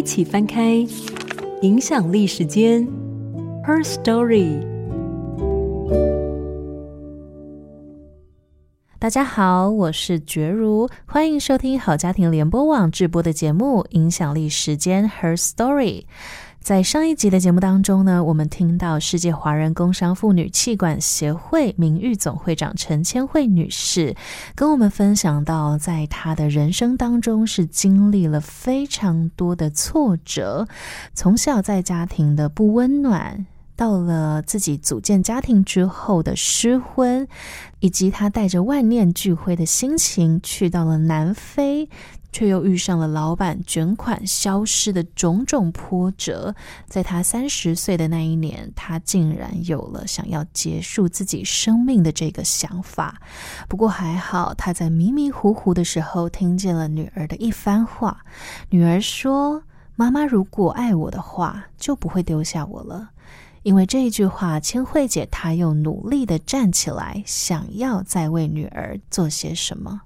一起翻開《影響力時間 Her Story》。大家好，我是珏如，歡迎收聽好家庭聯播網直播的節目《影響力時間 Her Story》。在上一集的節目當中呢，我們聽到世界華人工商婦女企管協會名譽總會長陳阡蕙女士，跟我們分享到，在她的人生當中是經歷了非常多的挫折，從小在家庭的不溫暖。到了自己組建家庭之後的失婚，以及他帶着萬念俱灰的心情去到了南非，卻又遇上了老闆捲款消失的種種波折。在他三十歲的那一年，他竟然有了想要結束自己生命的這個想法。不過還好，他在迷迷糊糊的時候聽見了女兒的一番話。女兒說：“媽媽，如果愛我的話，就不會丟下我了。”因為這一句話，阡蕙姐她又努力的站起來，想要再為女兒做些什麼。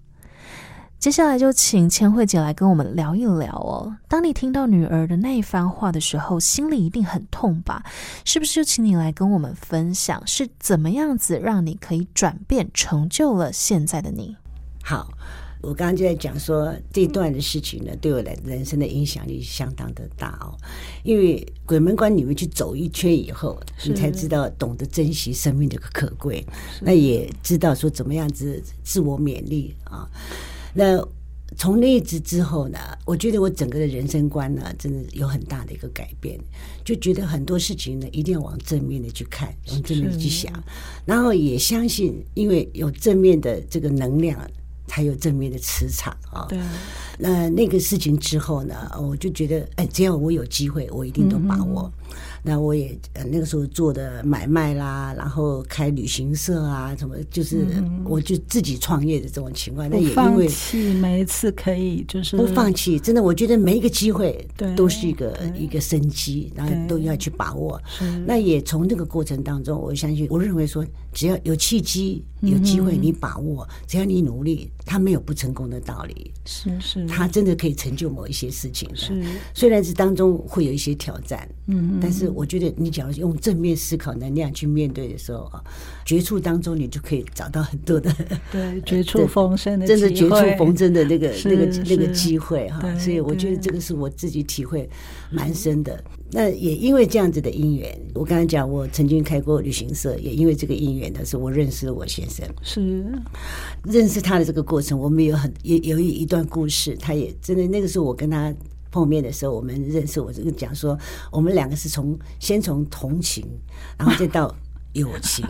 接下來就請阡蕙姐來跟我們聊一聊哦。當你聽到女兒的那一番話的時候，心裡一定很痛吧？是不是？就請你來跟我們分享，是怎麼樣子讓你可以轉變，成就了現在的你？好。我剛剛就在講說這段的事情呢，對我來的人生的影響力相當的大哦，因為鬼門關裡面去走一圈以後，你才知道懂得珍惜生命的可貴，那也知道說怎麼樣子自我勉勵啊。那從那一次之後呢，我覺得我整個的人生觀呢，真的有很大的一個改變，就覺得很多事情呢，一定要往正面的去看，往正面的去想，然後也相信，因為有正面的這個能量。才有正面的磁場啊！對，那那個事情之後呢，我就覺得，哎，只要我有機會，我一定都把握。嗯那我也呃那個時候做的買賣啦，然後開旅行社啊，什麼就是我就自己創業的這種情況。那也因為放棄每一次可以就是不放棄，真的我覺得每一個機會都是一個一個生機，然後都要去把握。那也從這個過程當中，我相信，我認為說，只要有契機、有機會，你把握，只要你努力，他沒有不成功的道理。是是，他真的可以成就某一些事情。是，雖然是當中會有一些挑戰，嗯嗯，但是。我覺得你假如用正面思考能量去面對的時候啊，絕處當中你就可以找到很多的對，絕處逢生的，真的絕處逢生的那個那個那個機會哈、啊。所以我覺得這個是我自己體會蠻深的。嗯、那也因為這樣子的姻緣，我剛才講我曾經開過旅行社，也因為這個姻緣的時候我認識了我先生，是認識他的這個過程，我們有很也有一一段故事，他也真的那個時候我跟他碰面的時候，我們認識。我這個講說，我們兩個是從先從同情，然後再到友情，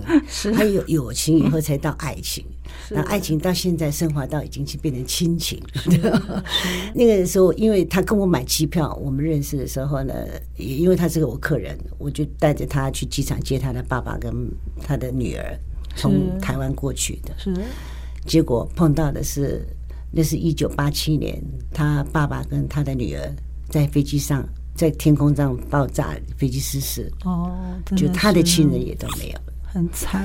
還有友情以後才到愛情，那愛情到現在升華到已經去變成親情。 是的 那個時候，因為他跟我買機票，我們認識的時候呢，也因為他是個我客人，我就帶着他去機場接他的爸爸跟他的女兒從台灣過去的，結果碰到的是。那是一九八七年，他爸爸跟他的女兒在飛機上，在天空上爆炸，飛機失事。哦，就他的親人也都沒有，很慘。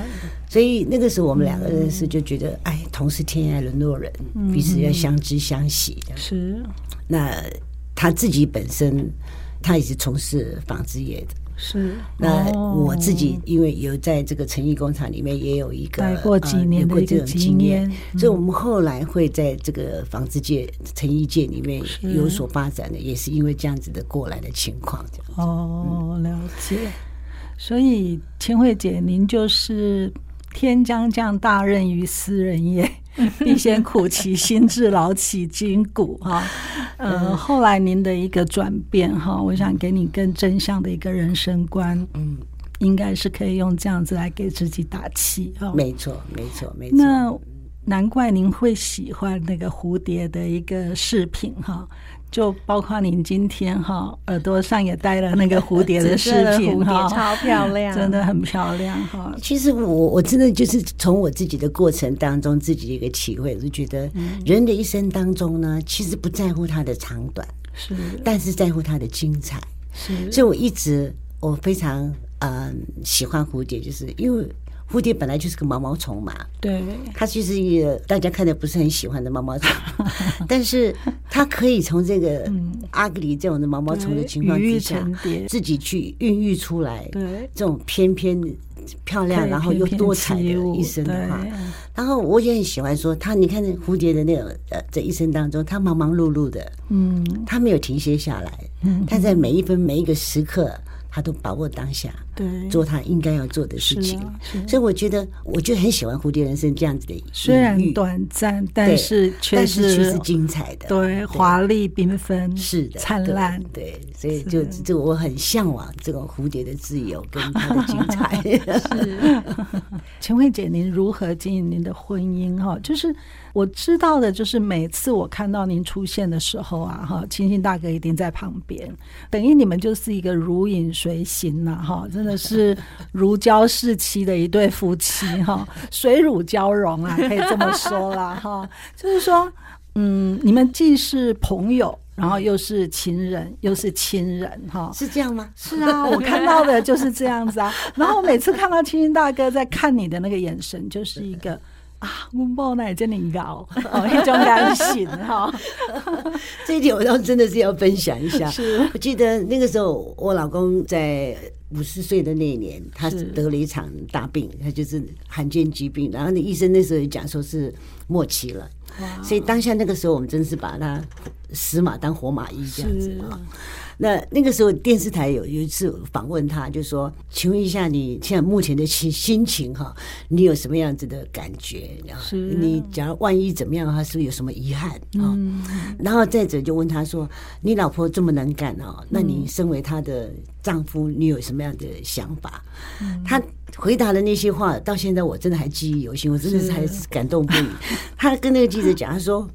所以那個時候我們兩個人是就覺得，嗯、哎，同是天涯淪落人，彼此要相知相惜、嗯。是。那他自己本身，他也是從事紡織業的。是，哦、那我自己因為有在這個成衣工廠裡面也有一個有過幾年、呃、有過這種經驗，嗯、所以我們後來會在這個紡織界、成衣界裡面有所發展的，是啊、也是因為這樣子的過來的情況。哦，了解。嗯、所以阡蕙姐，您就是天將降大任於斯人也。 必先苦其心志，勞其筋骨，哈。呃， 後來您的一個轉變，哈，我想給你更正向的一個人生觀，嗯，應該是可以用這樣子來給自己打氣，哈、嗯。哦、沒錯，沒錯，沒錯。那。難怪您會喜歡那個蝴蝶的一個飾品哈，就包括您今天哈耳朵上也戴了那個蝴蝶的飾品哈， 真的的蝴蝶超漂亮，真的很漂亮哈。其實我我真的就是從我自己的過程當中自己一個體會，我就覺得人的一生當中呢，其實不在乎它的長短，是，但是在乎它的精彩，是。所以我一直我非常嗯、呃、喜歡蝴蝶，就是因為。蝴蝶本來就是個毛毛蟲嘛，對，它其實也大家看的不是很喜歡的毛毛蟲， 但是它可以從這個 ugly 這種的毛毛蟲的情況之下，自己去孕育出來這種翩翩漂亮，然後又多彩的一生的話，然後我也很喜歡說，他，你看蝴蝶的那種呃，這一生當中，他忙忙碌碌、碌的，嗯，他沒有停歇下來，嗯，他在每一分每一個時刻，他都把握當下，做他應該要做的事情，啊啊、所以我覺得，我就很喜歡蝴蝶人生這樣子的，雖然短暫，但是卻是實精彩的，對，華麗繽紛，是的，燦爛爛，對，所以就就我很向往這個蝴蝶的自由跟它的精彩。陳阡蕙、啊啊、 姐，您如何經營您的婚姻？哈，就是我知道的，就是每次我看到您出現的時候啊，哈，親親大哥一定在旁邊，等於你們就是一個如影隨形呢，哈，真的。是如膠似漆的一對夫妻哈，水乳交融啊，可以這麼說啦哈。 就是說，嗯，你們既是朋友，然後又是情人，又是親人哈，是這樣嗎？是啊，我看到的就是這樣子啊。 然後每次看到清新大哥在看你的那個眼神，就是一個 啊，我那也真的搖哦，一種感情哈。這一點我倒真的是要分享一下。 是，我記得那個時候，我老公在。五十歲的那一年，他得了一場大病，他是就是罕見疾病。然後那醫生那時候也講說是末期了，哇所以當下那個時候我們真是把他死馬當活馬醫這樣子是、嗯那那個時候，電視台有有一次訪問他，就說：“請問一下，你現在目前的心心情哈，你有什麼樣子的感覺？然後你假如萬一怎麼樣的話，是不是有什麼遺憾啊？”然後再者就問他說：“你老婆這麼能幹哦，那你身為她的丈夫，你有什麼樣的想法？”他回答的那些話，到現在我真的還記憶猶新，我真的是還是感動不已。他跟那個記者講：“他說，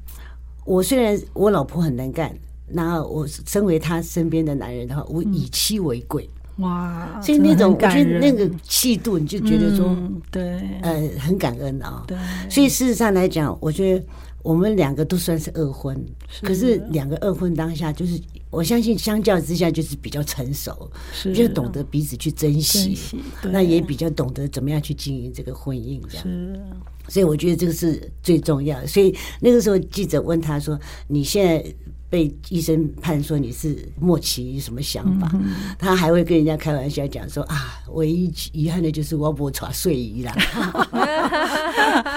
我雖然我老婆很能幹。”然後我身為他身邊的男人的話，我以妻為貴、嗯、哇！所以那種感覺那個氣度，你就覺得說，嗯、對，呃，很感恩啊、哦。對，所以事實上來講，我覺得我們兩個都算是二婚，是可是兩個二婚當下，就是我相信相較之下，就是比較成熟，就是、啊、懂得彼此去珍惜，珍惜那也比較懂得怎麼樣去經營這個婚姻這樣。啊、所以我覺得這個是最重要的。所以那個時候記者問他說：“你現在？”被醫生判說你是末期，什麼想法？嗯、他還會跟人家開玩笑講說啊，唯一遺憾的就是我不穿睡衣啦，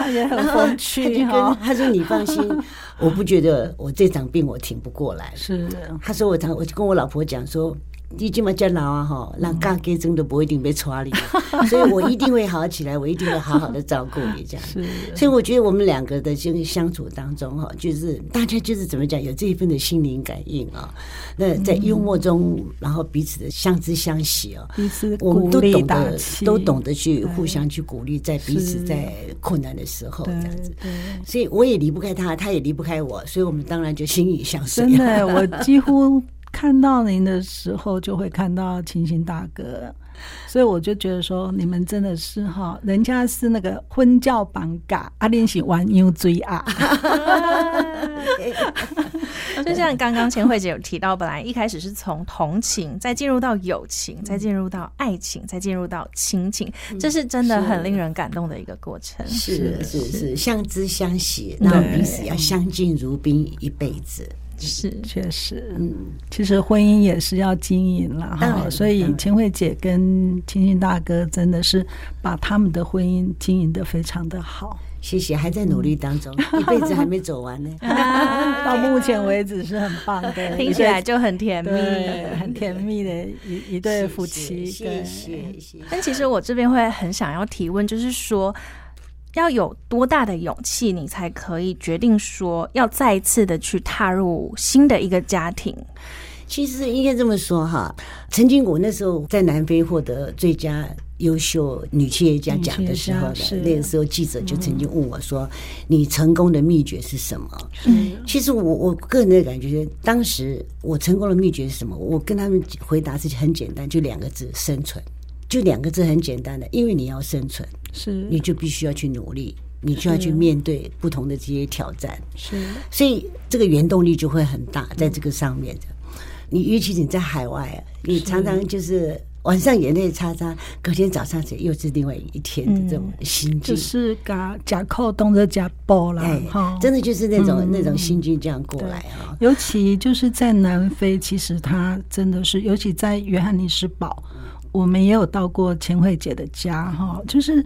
也很風趣。 他說你放心， 我不覺得我這場病我挺不過來。是的，他說我常，我就跟我老婆講說。你起嘛，叫老啊哈，那嘎哥真的不一定被抓你 所以我一定會好起來，我一定會好好的照顧你這樣。的所以我覺得我們兩個的這個相處當中哈，就是大家就是怎麼講，有這一份的心靈感應啊、哦。那在幽默中，嗯、然後彼此的相知相惜哦，彼此鼓勵打氣，都懂得，對都懂得去互相去鼓勵，在彼此在困難的時候是這樣子。對對，所以我也離不開他，他也離不開我，所以我們當然就心意相隨。對我幾乎。 看到您的時候，就會看到親情大哥，所以我就覺得說，你們真的是哈，人家是那個婚教綁嘎，阿蓮是玩牛追啊。哈哈哈哈哈！ 就像剛剛阡蕙姐有提到，本來一開始是從同情，再進入到友情，再進入到愛情，再進入到親情，情，嗯、這是真的很令人感動的一個過程。是是是，相知相惜，那彼此要相敬如賓一輩子。是，確實，嗯，其實婚姻也是要經營了哈，所以阡蕙姐跟青青大哥真的是把他們的婚姻經營得非常的好。謝謝，還在努力當中，一輩子還沒走完呢。到目前為止是很棒的，聽起來就很甜蜜，很甜蜜的一一對夫妻。謝謝，謝謝。但其實我這邊會很想要提問，就是說。要有多大的勇氣，你才可以決定說要再一次的去踏入新的一個家庭？其實應該這麼說哈，曾經我那時候在南非獲得最佳優秀女企業家獎的時候呢，那個時候記者就曾經問我說：“你成功的秘訣是什麼？”嗯、其實我我個人的感覺是，當時我成功的秘訣是什麼？我跟他們回答是很簡單，就兩個字：生存。就兩個字很簡單的，因為你要生存，是你就必須要去努力，你就要去面對不同的這些挑戰，是，所以這個原動力就會很大，嗯、在這個上面你尤其你在海外，嗯、你常常就是晚上眼淚擦擦，是隔天早上起來又是另外一天的這種心境，就是假加扣凍着假包啦，真的就是那種、嗯、那種心境這樣過來啊。尤其就是在南非，其實他真的是，尤其在約翰尼斯堡。我們也有到過阡蕙姐的家哈，就是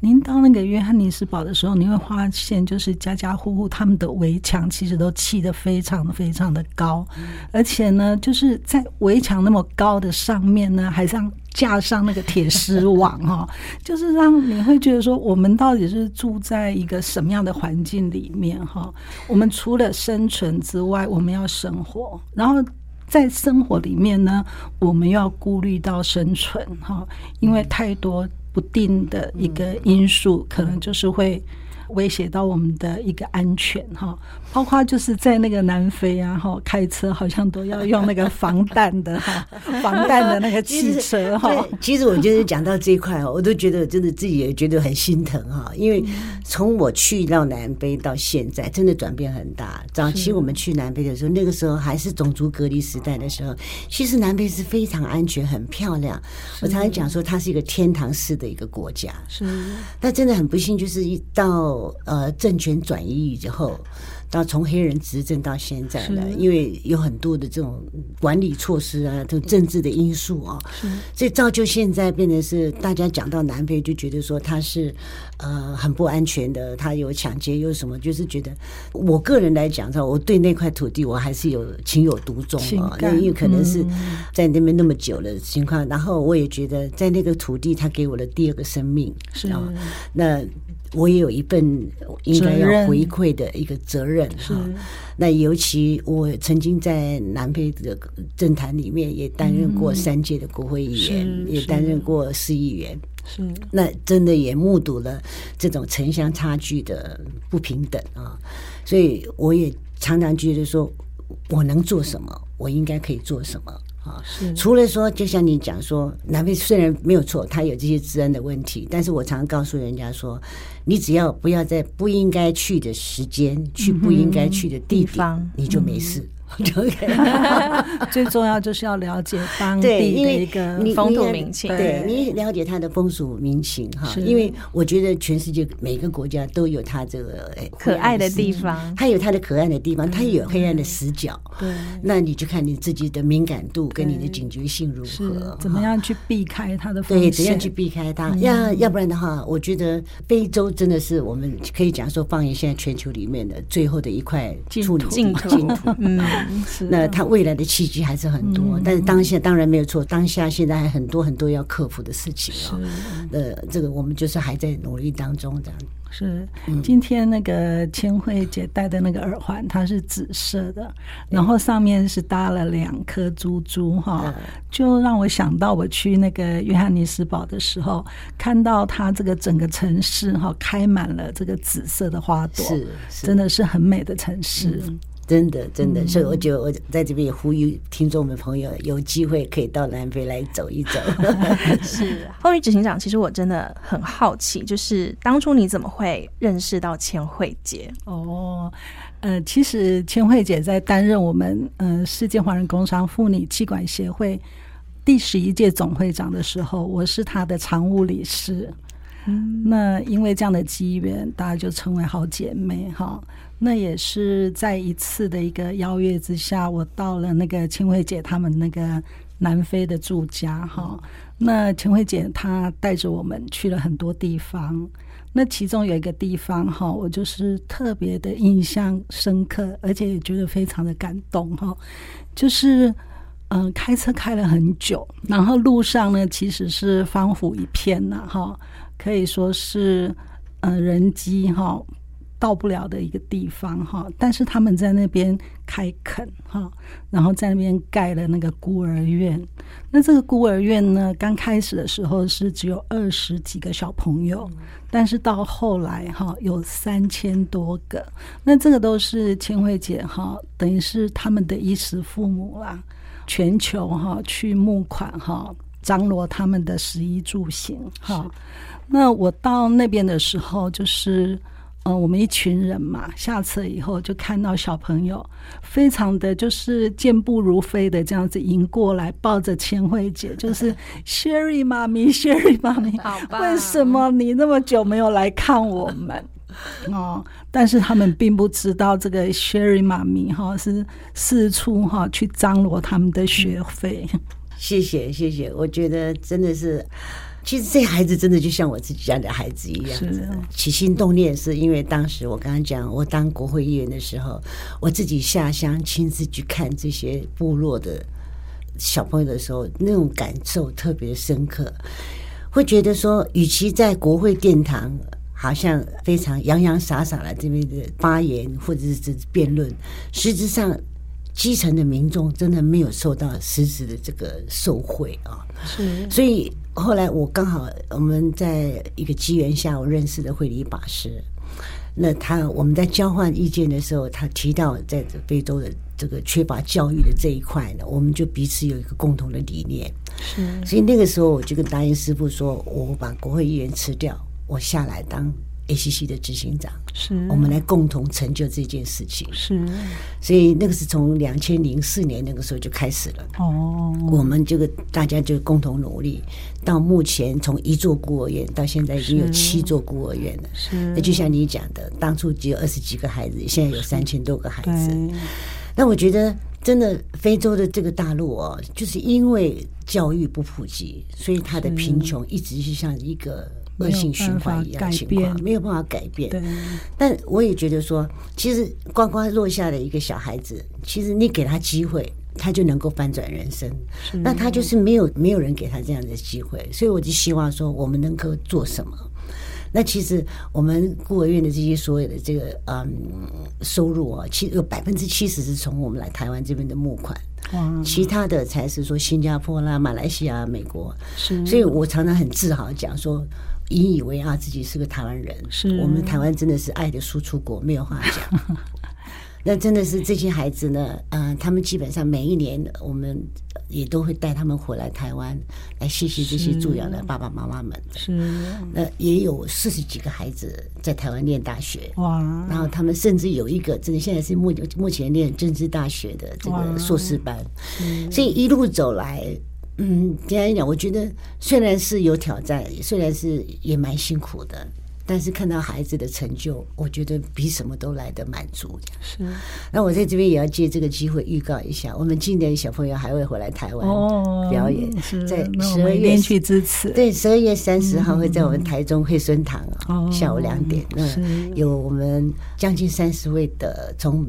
您到那個約翰尼斯堡的時候，你會發現，就是家家戶戶他們的圍牆其實都砌得非常非常的高，而且呢，就是在圍牆那麼高的上面呢，還上架上那個鐵絲網哈， 就是讓你會覺得說，我們到底是住在一個什麼樣的環境裡面哈？我們除了生存之外，我們要生活，然後。在生活裡面呢，我們要顧慮到生存哈，因為太多不定的一個因素，可能就是會。威脅到我們的一個安全哈，包括就是在那個南非啊哈，開車好像都要用那個防彈的哈，防彈的那個汽車哈 其實我就是講到這一塊我都覺得真的自己也覺得很心疼哈，因為從我去到南非到現在，真的轉變很大。早期我們去南非的時候，那個時候還是種族隔離時代的時候，其實南非是非常安全、很漂亮。我常常講說，它是一個天堂式的一個國家。是，但真的很不幸，就是一到。呃，政權轉移以後，到從黑人執政到現在了，的因為有很多的這種管理措施啊，這種政治的因素啊，的所以造就現在變成是大家講到南非就覺得說他是呃很不安全的，他有搶劫又什麼，就是覺得我個人來講的話，我對那塊土地我還是有情有獨鍾啊，幹因為可能是在那邊那麼久的情況，嗯、然後我也覺得在那個土地他給我的第二個生命是啊的，那。我也有一份應該要回饋的一個責任哈。任那尤其我曾經在南非的政壇裡面也擔任過三屆的國會議員，嗯、也擔任過市議員。是那真的也目睹了這種城鄉差距的不平等啊，所以我也常常覺得說，我能做什麼，我應該可以做什麼。哦、除了說，就像你講說，南非雖然沒有錯，他有這些治安的問題，但是我常常告訴人家說，你只要不要在不應該去的時間去不應該去的地點，、嗯、地方，你就沒事。嗯 OK，最重要就是要了解當地的一個風土民情，對，你了解他的風俗民情哈。因為我覺得全世界每個國家都有它這個可愛的地方，它有它的可愛的地方，它也有黑暗的死角。對，那你就看你自己的敏感度跟你的警覺性如何。怎麼樣去避開它的。對，怎樣去避開它？要要不然的話，我覺得非洲真的是我們可以講說，放眼現在全球裡面的最後的一塊淨土，淨土，嗯。啊、那他未來的契機還是很多，嗯、但是當下當然沒有錯。當下現在還很多很多要克服的事情、哦、是啊。呃，這個我們就是還在努力當中這樣。是，嗯、今天那個阡蕙姐戴的那個耳環，它是紫色的，嗯、然後上面是搭了兩顆珠珠哈、嗯哦，就讓我想到我去那個約翰尼斯堡的時候，看到它這個整個城市哈、哦、開滿了這個紫色的花朵，是，是真的是很美的城市。嗯嗯真的，真的，嗯、所以我就我在這邊也呼籲聽眾們朋友，有機會可以到南非來走一走。嗯、 是，鳳玉執行長，其實我真的很好奇，就是當初你怎麼會認識到阡蕙姐？哦，呃，其實阡蕙姐在擔任我們、呃、世界華人工商婦女企管協會第十一屆總會長的時候，我是她的常務理事。嗯，那因為這樣的機緣，大家就成為好姐妹哈。那也是在一次的一個邀約之下，我到了那個阡蕙姐他們那個南非的住家哈。那阡蕙姐她帶着我們去了很多地方，那其中有一個地方哈，我就是特別的印象深刻，而且也覺得非常的感動哈。就是嗯、呃，開車開了很久，然後路上呢，其實是荒蕪一片吶、啊、哈。可以說是，呃人跡哈到不了的一個地方哈，但是他們在那邊開墾哈，然後在那邊蓋了那個孤兒院。那這個孤兒院呢，剛開始的時候是只有二十幾個小朋友，但是到後來哈有三千多個。那這個都是阡蕙姐哈，等於是他們的衣食父母啦、啊。全球哈去募款哈。張羅他們的食衣住行，的哦、那我到那邊的時候，就是、呃、我們一群人嘛，下車以後就看到小朋友非常的就是健步如飛的這樣子迎過來，抱着阡蕙姐，是的就是 Sherry 媽咪，Sherry 媽咪吧，為什麼你那麼久沒有來看我們？ 哦，但是他們並不知道這個 Sherry 媽咪哈、哦、是四處哈、哦、去張羅他們的學費。嗯謝謝謝謝，我覺得真的是，其實這孩子真的就像我自己家的孩子一樣。的起心動念，是因為當時我剛剛講，我當國會議員的時候，我自己下鄉親自去看這些部落的小朋友的時候，那種感受特別深刻，會覺得說，與其在國會殿堂好像非常洋洋灑灑的這邊的發言或者是辯論，實質上。基層的民眾真的沒有受到實質的這個受惠啊是，所以後來我剛好我們在一個機緣下，我認識了惠理法師。那他我們在交換意見的時候，他提到在非洲的這個缺乏教育的這一塊呢，我們就彼此有一個共同的理念。是。所以那個時候我就跟達應師傅說，我把國會議員辭掉，我下來當。A.C.C 的執行長，是，我們來共同成就這件事情。是，所以那個是從兩千零四年那個時候就開始了。哦，我們這個大家就共同努力，到目前從一座孤兒院到現在已經有七座孤兒院了。是，那就像你講的，當初只有二十幾個孩子，現在有三千多個孩子。那我覺得，真的非洲的這個大陸哦，就是因為教育不普及，所以他的貧窮一直就像一個。惡性循環一樣的情況沒有辦法改變，改變對但我也覺得說，其實呱呱落下的一個小孩子，其實你給他機會，他就能夠翻轉人生。是那他就是沒有沒有人給他這樣的機會，所以我就希望說，我們能夠做什麼？那其實我們孤兒院的這些所有的這個嗯收入啊，其實有百分之七十是從我們來台灣這邊的募款，嗯，其他的才是說新加坡啦、啊、馬來西亞、啊、美國，是所以我常常很自豪講說。引以為傲、啊，自己是個台灣人。是我們台灣真的是愛的輸出國，沒有話講。 那真的是這些孩子呢，嗯、呃，他們基本上每一年，我們也都會帶他們回來台灣，來謝謝這些助養的爸爸媽媽們。是，那也有四十幾個孩子在台灣唸大學。哇！然後他們甚至有一個，真的現在是目目前唸政治大學的這個碩士班。所以一路走來，嗯，簡單一點，我覺得雖然是有挑戰，雖然是也蠻辛苦的，但是看到孩子的成就，我覺得比什麼都來得滿足。是。啊，那我在這邊也要借這個機會預告一下，我們今年小朋友還會回來台灣哦表演，哦、是在十二月去支持。對，十二月三十號會在我們台中惠蓀堂啊，嗯哦、下午兩點，嗯，有我們將近三十位的從。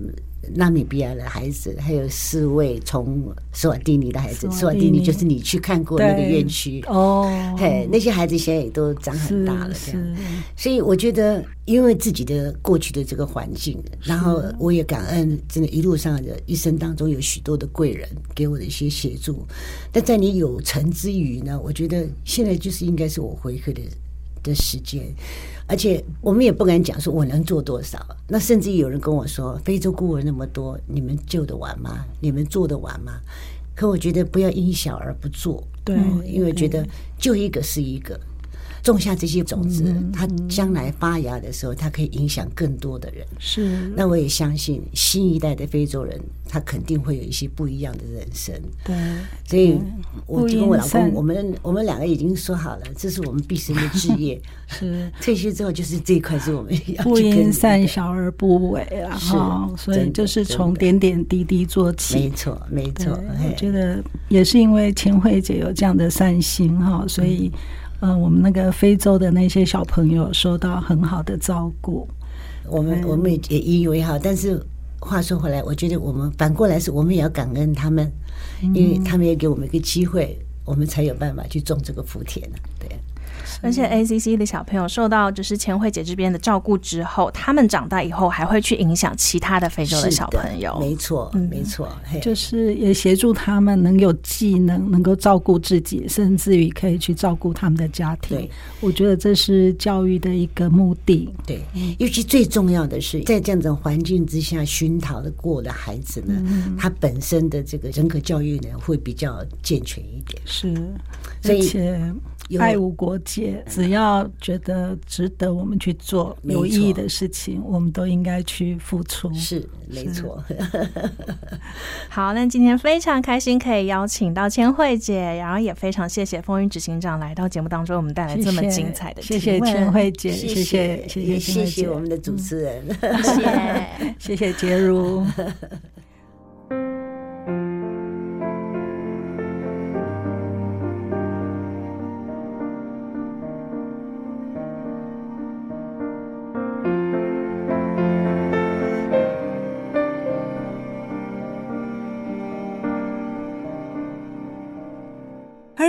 納米比亞的孩子，還有四位從斯瓦蒂尼的孩子，斯瓦，斯瓦蒂尼就是你去看過那個院區對對哦，嘿，那些孩子現在也都長很大了這樣。是，是，所以我覺得，因為自己的過去的這個環境，然後我也感恩，真的一路上的一生當中有許多的貴人給我的一些協助，但在你有成之餘呢，我覺得現在就是應該是我回饋的的時間，而且我們也不敢講說我能做多少。那甚至有人跟我說，非洲孤兒那麼多，你們救得完嗎？你們做得完嗎？可我覺得不要因小而不做，對，因為覺得救一個是一個。種下這些種子，它將來發芽的時候，它可以影響更多的人。是，那我也相信新一代的非洲人，他肯定會有一些不一樣的人生。對，所以我就跟我老公，我們我們兩個已經說好了，這是我們畢生的職業。是，這些之後就是這一塊是我們。不因善小而不為啊！是，所以就是從點點滴滴做起。沒錯，沒錯。我覺得也是因為阡蕙姐有這樣的善心哈，所以。嗯，我們那個非洲的那些小朋友受到很好的照顧，我們我們也引以為豪。嗯、但是話說回來，我覺得我們反過來是我們也要感恩他們，嗯、因為他們也給我們一個機會，我們才有辦法去種這個福田呢。對。而且，ACC 的小朋友受到就是阡蕙姐這邊的照顧之後，他們長大以後還會去影響其他的非洲的小朋友。沒錯，沒錯，嗯、沒錯，就是也協助他們能有技能，嗯、能夠照顧自己，嗯、甚至於可以去照顧他們的家庭。對，我覺得這是教育的一個目的。對，尤其最重要的是，在這樣子環境之下燻陶的過的孩子呢，嗯、他本身的這個人格教育呢會比較健全一點。是，以而且。愛無有國界，只要覺得值得，我們去做有意義的事情，錯我們都應該去付出。是，沒錯。是 好，那今天非常開心可以邀請到阡蕙姐，然後也非常謝謝鳳玉執行長來到節目當中，我們帶來這麼精彩的會謝謝。謝謝阡蕙姐，謝謝謝謝謝，阡蕙姐我們的主持人， 謝謝謝謝珏如。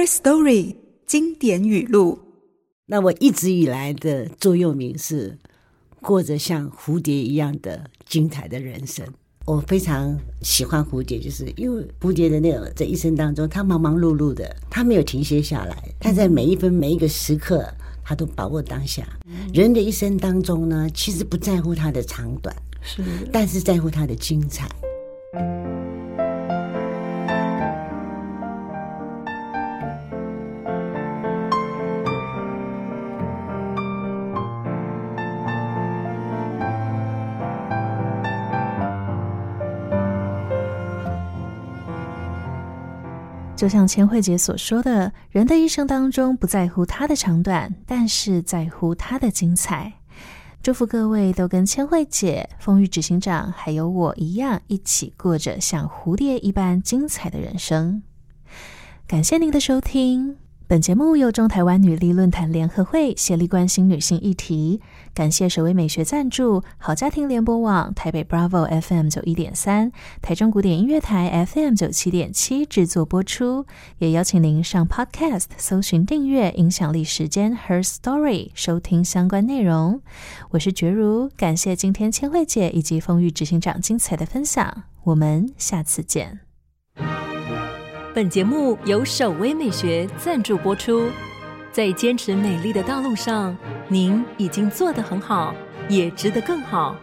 Story 經典語錄。那我一直以來的座右銘是：過着像蝴蝶一樣的精彩的人生。我非常喜歡蝴蝶，就是因為蝴蝶的那種，在一生當中，它忙忙碌碌的，它沒有停歇下來。它在每一分、嗯、每一個時刻，它都把握當下。嗯、人的一生當中呢，其實不在乎它的長短，是的，但是在乎它的精彩。就像阡蕙姐所說的，人的一生當中不在乎它的長短，但是在乎它的精彩。祝福各位都跟阡蕙姐、鳳玉執行長還有我一樣，一起過着像蝴蝶一般精彩的人生。感謝您的收聽。本節目由中台灣女力論壇聯合會協力關心女性議題，感謝守葳美學贊助，好家庭聯播網台北 Bravo FM 九一點三、台中古典音樂台 FM 九七點七制作播出，也邀請您上 Podcast 搜尋訂閱“影響力時間 Her Story” 收聽相關內容。我是珏如，感謝今天阡蕙姐以及鳳玉執行長精彩的分享，我們下次見。本節目由守葳美學贊助播出，在堅持美麗的道路上，您已經做得很好，也值得更好。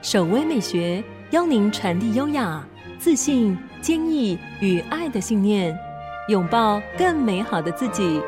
守葳美學邀您傳遞優雅、自信、堅毅與愛的信念，擁抱更美好的自己。